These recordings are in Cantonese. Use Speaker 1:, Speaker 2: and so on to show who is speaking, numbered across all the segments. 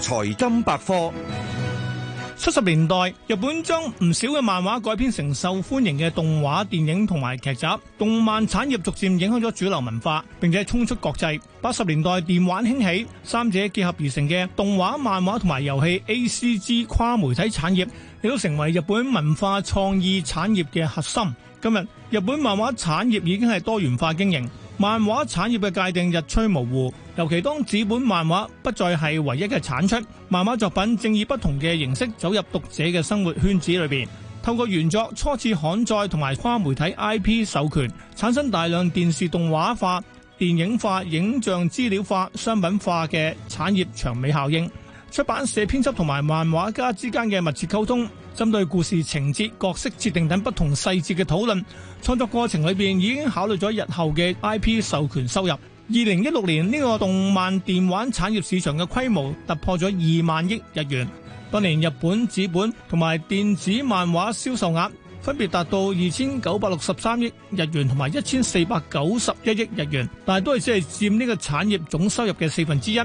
Speaker 1: 財金百科。七十年代，日本將唔少嘅漫畫改編成受歡迎嘅動畫電影同埋劇集，動漫產業逐漸影響咗主流文化，並且衝出國際。八十年代，電玩興起，三者結合而成嘅動畫、漫畫同埋遊戲 （ACG） 跨媒體產業，亦都成為日本文化創意產業嘅核心。今日，日本漫畫產業已經係多元化經營。漫畫產業嘅界定日趨模糊，尤其當紙本漫畫不再係唯一嘅產出，漫畫作品正以不同嘅形式走入讀者嘅生活圈子裏邊，透過原作初次刊載同埋跨媒體 IP 授權，產生大量電視動畫化、電影化、影像資料化、商品化嘅產業長尾效應。出版社編輯同埋漫畫家之間嘅密切溝通，針對故事情節角色設定等不同細節嘅討論，創作過程裏邊已經考慮咗日後嘅 IP 授權收入。二零一六年呢個動漫電玩產業市場嘅規模突破咗二萬億日元。當年日本紙本同埋電子漫畫銷售額分別達到二千九百六十三億日元同埋一千四百九十一億日元，但係都係只係佔呢個產業總收入嘅四分之一。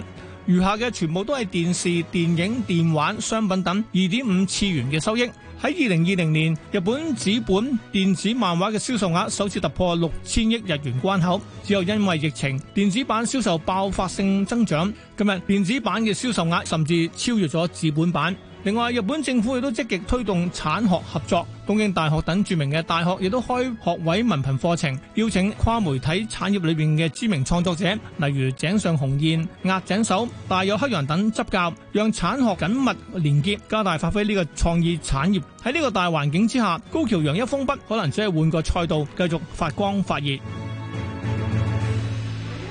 Speaker 1: 餘下嘅全部都係電視、電影、電玩商品等二點五次元嘅收益。喺二零二零年，日本紙本電子漫畫嘅銷售額首次突破六千億日元關口，之後因為疫情，電子版銷售爆發性增長。今日電子版嘅銷售額甚至超越咗紙本版。另外，日本政府亦都積極推動產學合作，東京大學等著名嘅大學亦都開學位文憑課程，邀請跨媒體產業裏邊嘅知名創作者，例如井上雄彥、押井守、大友克洋等執教，讓產學緊密連結，加大發揮呢個創意產業。喺呢個大環境之下，高橋陽一封筆，可能只係換個賽道，繼續發光發熱。